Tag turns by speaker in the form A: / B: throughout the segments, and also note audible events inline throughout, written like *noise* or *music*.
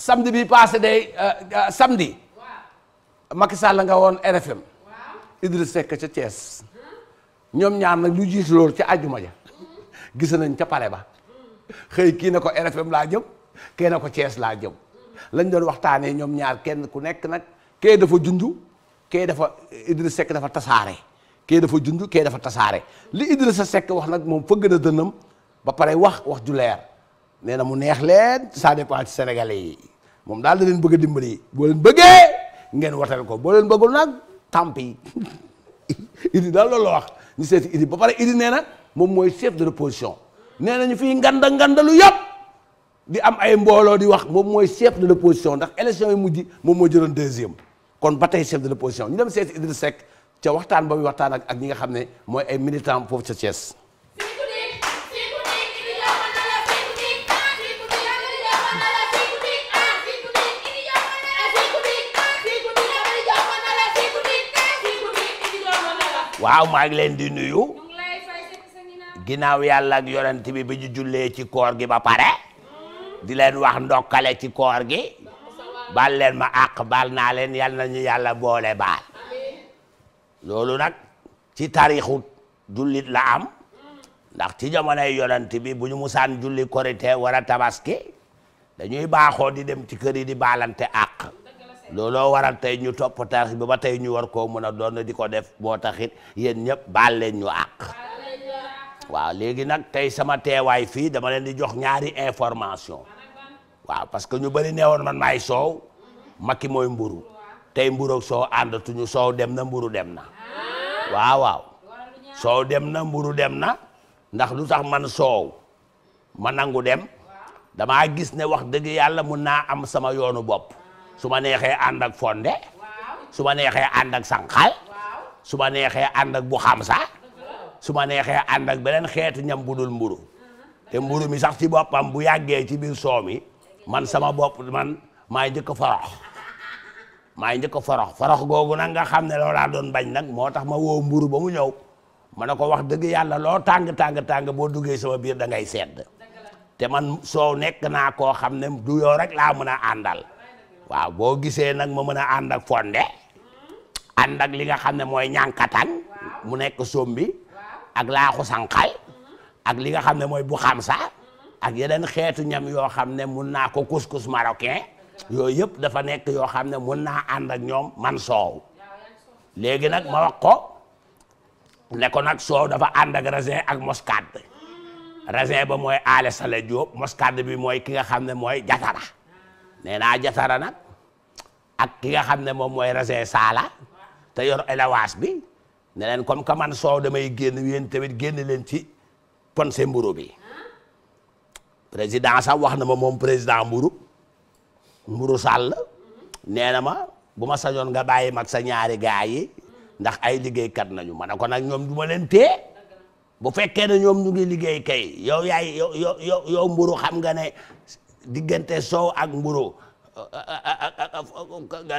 A: samedi bi passé day euh, euh, samdi Macky Sall la nga woon RFM Idriss Seck ca Thiès ñoom ñaar nag lu jiitu loolu ca àjjuma ja mm-hmm. gis nañ ca pare ba mm-hmm. xëy kii na ko RFM laa jëm kee na ko Thiès laa jëm mm-hmm. lañ doon waxtaanee ñoom ñaar kenn ku nekk nag kee dafa jundu kee dafa Idriss sekk dafa tasaare kee dafa jundu kee dafa tasaare li sa sekk wax nag moom fëgg na dënnam ba pare wax wax ju leer nee na mu neex leen ça dépend ci sénégalais yi moom daal da leen bëgg a dimbali boo leen bëggee ngeen wateel ko boo leen bëggul nag tampi *laughs* idi daal loolu la wax ñu seeti idi ba pare idi nee na moom mooy chef de l'opposition nee na ñu fiy nganda ngandalu yëpp di am ay mbooloo di wax moom mooy chef de position ndax élection yi mujj moom moo jëloon deuxième kon ba tey chef de l'opposition ñu dem seeti Idrissa Seck ca waxtaan ba muy waxtaan ak ak ñi nga xam ne mooy ay militant foofu ca Thiès
B: waaw maa ngi leen di nuyu ginnaaw yàlla ak yonent bi bi ci koor gi ba pare di leen wax ndokkale ci koor gi baal leen ma àq baal naa leen yal nañu yàlla boole baal loolu nag ci tarixu jullit la am ndax ci jamonoy yonent bi bu ñu musaan julli korite war a tabaski dañuy baaxoo di dem ci kër yi di baalante àq looloo waral tey ñu topp tarix bi ba tey ñu war koo mën a doon di ko def moo taxit yéen ñëpp baal leen ñu àq waaw léegi nag tey sama teewaay fii dama leen di jox ñaari information waaw parce que ñu nee neewoon man maay soow ki mooy mburu tey mburu soow àndatuñu soow dem na mburu dem na waaw waaw soow dem na mburu dem na ndax lu tax man soow ma nangu dem dama gis ne wax dëgg yàlla mun naa am sama yoonu bopp su ma neexee ànd ak fonde su ma neexee ànd ak sànqal su ma neexee ànd ak bu xam sa su ma neexee ànd ak beneen xeetu ñam bu dul mburu te mburu mi sax ci boppam bu yàggee ci biir soow mi man sama bopp man maay njëkk forox maay njëkk forox forox googu nag nga xam ne loolaa doon bañ nag moo tax ma woo mburu ba mu ñëw ma na ko wax dëgg yàlla loo tàng tàng tàng boo duggee sama biir dangay sedd te man soow nekk naa koo xam ne duyoo rek laa mën a àndal waaw boo gisee nag ma mën a ànd ak fonde ànd ak li nga xam ne mooy ñànkatan mu nekk sombi ak laaxu sànqal ak li nga xam ne mooy bu xamsa ak yeneen xeetu ñam yoo xam ne mun naa ko couscous marocain yooyu yëpp dafa nekk yoo xam ne mun naa ànd ak ñoom man soow léegi nag ma wax ko nag soow dafa ànd ak raisin ak moscade raisin ba mooy aale sale Diop bi mooy ki nga xam ne mooy jatara nee naa jatara nag ak ki nga xam ne moom mooy raisin saala te yor élevage bi ne leen comme man soow damay génn yéen tamit génn leen ci ponse mburu bi président sax wax na ma moom président mburu mburu sàll nee na ma bu ma yoon nga bàyyi mag sa ñaari gaa yi ndax ay liggéeykat nañu ma ne ko nag ñoom du ma leen te bu fekkee ne ñoom ñu ngi liggéey kay yow yaay yow yow yow mburu xam nga ne diggante soow ak mburu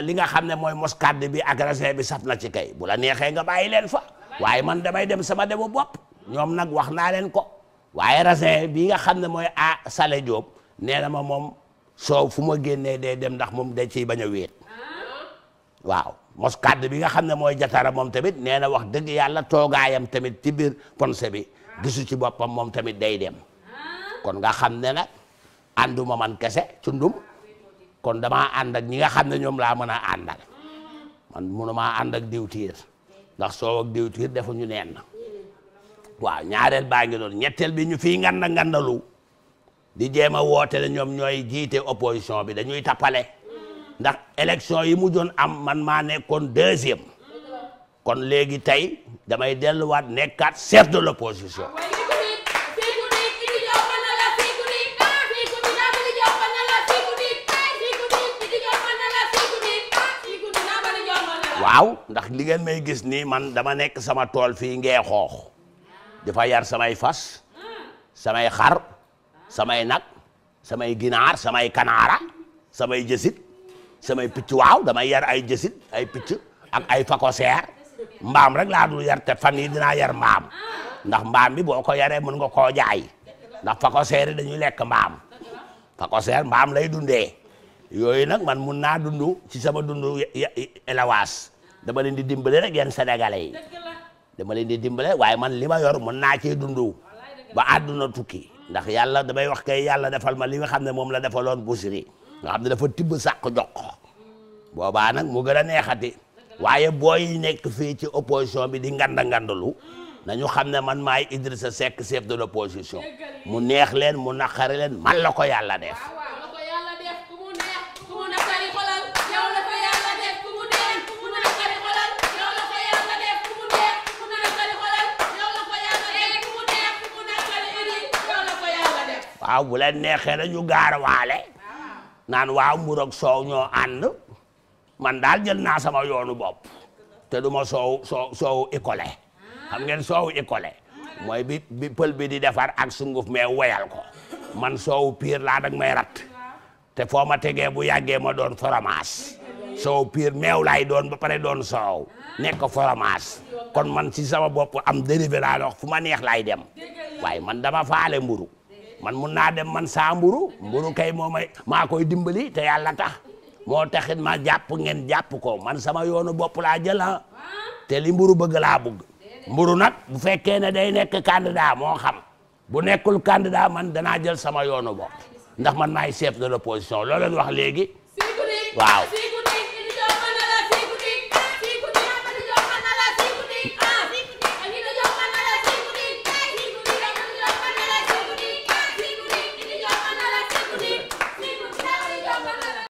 B: li nga xam ne mooy moscade bi ak raisin bi saf na ci kay bu la neexee nga bàyyi leen fa waaye man damay dem sama demu bopp ñoom nag wax naa leen ko waaye raisin bi nga xam ne mooy a Sale Diop nee na ma moom soow fu ma génne day dem ndax moom da ciy bañ a wéet waaw moscade bi nga xam ne mooy jatara moom tamit nee na wax dëgg yàlla toogaayam tamit ci biir ponse bi gisu ci boppam moom tamit day dem kon nga xam ne nag ànduma man kese cundum kon dama ànd ak ñi nga xam ne ñoom laa mën a àndal man mënumaa ànd ak diwtiir ndax soow ak diwtiir defu ñu neen na waaw ñaareel baa ngi doon ñetteel bi ñu fii nganda ngandalu di jéem a woote ñoom ñooy jiite opposition bi dañuy tappale ndax élection yi mu doon am man maa nekkoon deuxième kon léegi tey damay delluwaat nekkaat chef de l'opposition aw ndax li ngeen may gis nii man dama nekk sama tool fii ngee xoox dafa yar samay fas samay xar samay nag samay ginaar samay kanaara samay jësit samay picc waaw damay yar ay jësit ay picc ak ay fakoseer mbaam rek laa dul yar te fan yi dinaa yar mbaam ndax mbaam bi boo ko yaree mën nga koo jaay ndax fakoseer yi dañuy lekk mbaam fakoseer mbaam lay dundee yooyu nag man mun naa dund ci sama dundu élevage dama leen di dimbale rek yéen sénégalais yi dama leen di dimbale waaye man li ma yor mën naa cee dundu ba àdduna tukki ndax yàlla damay wax kay yàlla defal ma li nga xam ne moom la defaloon Busiri nga xam ne dafa tibb sàq jox boobaa nag mu gën a neexati waaye booy nekk fii ci opposition bi di nganda ngandalu nañu xam ne man maay Idrissa Seck chef de l'opposition mu neex leen mu naqari leen man ko yàlla def waaw bu leen neexee na gaar gaarawaale naan waaw mburu soow ñoo ànd man daal jël naa sama yoonu bopp te duma ma soow soow soowu école xam ngeen soowu école mooy bi pël bi di defar ak sunguf meew woyal ko man soow piir laa dag may rat te foo ma tegee bu yàggee ma doon fromage soow piir meew laay doon ba pare doon soow nekk fromage kon man si sama bopp am dérivé fu ma neex laay dem way man dama faale mburu man mun naa dem man saa mburu mburu kay moo may maa koy dimbali te yàlla tax moo taxit ma jàpp ngeen jàpp ko man sama yoonu bopp laa jël ah. te li mburu bëgg laa bëgg mburu nag bu fekkee ne day nekk candidat moo xam bu nekkul candidat man danaa jël sama yoonu bopp ndax man maay chef de l'opposition loo leen wax léegi